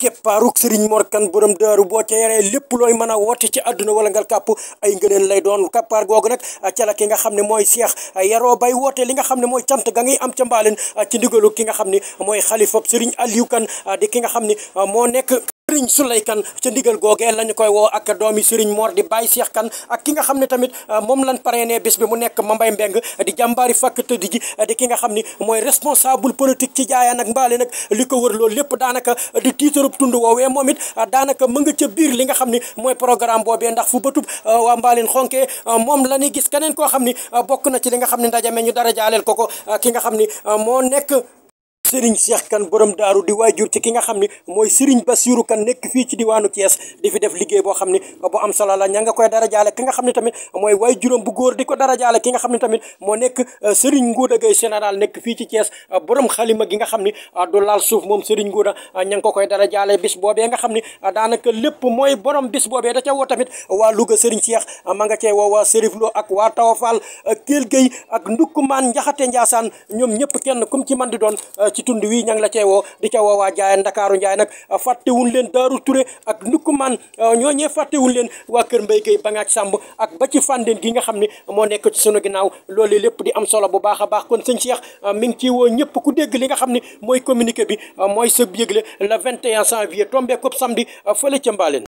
keppaaruk Serigne Mor Kane borom daaru boo ca yaree lépp looy mën a woote ci àdduna wala ngal kàpp ay ngëneel lay doon kappaar googu nag ca la ki nga xam ne mooy seex yaroo bay woote li nga xam ne mooy cant ga ngay am ca mbaaleen ci ndigalu ki nga xam ne mooy xalifa Serigne Aliou Kane di ki nga xam ne moo nekk sëriñ Souley Kane ca ndigal googee lañu koy woo ak doomi sëriñ Mor di Baye Cheikh Kane ak ki nga xam ne tamit euh, moom lañ parrainé bis bi mu nekk Mambay Mbeng di jàmbaari fàkk tëdd ji di ki nga xam ni mooy responsable politique ci jaayaan ak mbaale nag li ko wër loolu lépp daanaka di tiitarub moom it daanaka mu nga ca biir li nga xam ni mooy programme boobee ndax fu batub euh, waa mbaaleen xonkee euh, moom la ñuy gis keneen koo xam ni bokk na ci li nga xam ne ndajamee ñu dara jaaleel ko ko ki nga xam ni moo nekk Serigne Cheikh Kane borom daaru di waajur ci ki nga xam ni mooy Serigne Bassirou Kane nekk fii ci diwaanu Thiès di fi def liggéey boo xam ni bu am solo la ña nga koy darajaale ki nga xam ne tamit mooy waajuram bu góor di ko darajaale ki nga xam ne tamit moo nekk euh, Serigne Ngouda Gueye général nekk fii ci Thiès euh, borom xalima gi nga xam ni euh, du laal suuf moom Serigne Ngouda ña ngi ko koy darajaale bis boobee nga xam ni daanaka lépp mooy borom bis boobee da ca woo tamit waa Louga Serigne Cheikh ma nga cee woo waa Serif Lo ak waa Tawa Fall Kelle Gueye ak Ndoukoumane Njaxate Ndiassane ñoom ñëpp kenn kum ci man di ci tund wii ña ngi la cee woo di ca woo waa Ndiayène Ndakaaru Ndiaye nag fàttewuñ leen Daaru Touré ak Ndoukoumane ñooñee fàttewuñ leen waa Kër Mbaye Guèye Bangaaj Samb ak ba ci Fandène gi nga xam ne moo nekk sunu ginnaaw loolu lépp di am solo bu baax a baax kon sëñ Cheikh mi ngi woo ñëpp ku dégg li nga xam ne mooy communiqué bi mooy sa yëgle le 21 janvier tombé ko samedi fële ca Mbaaleen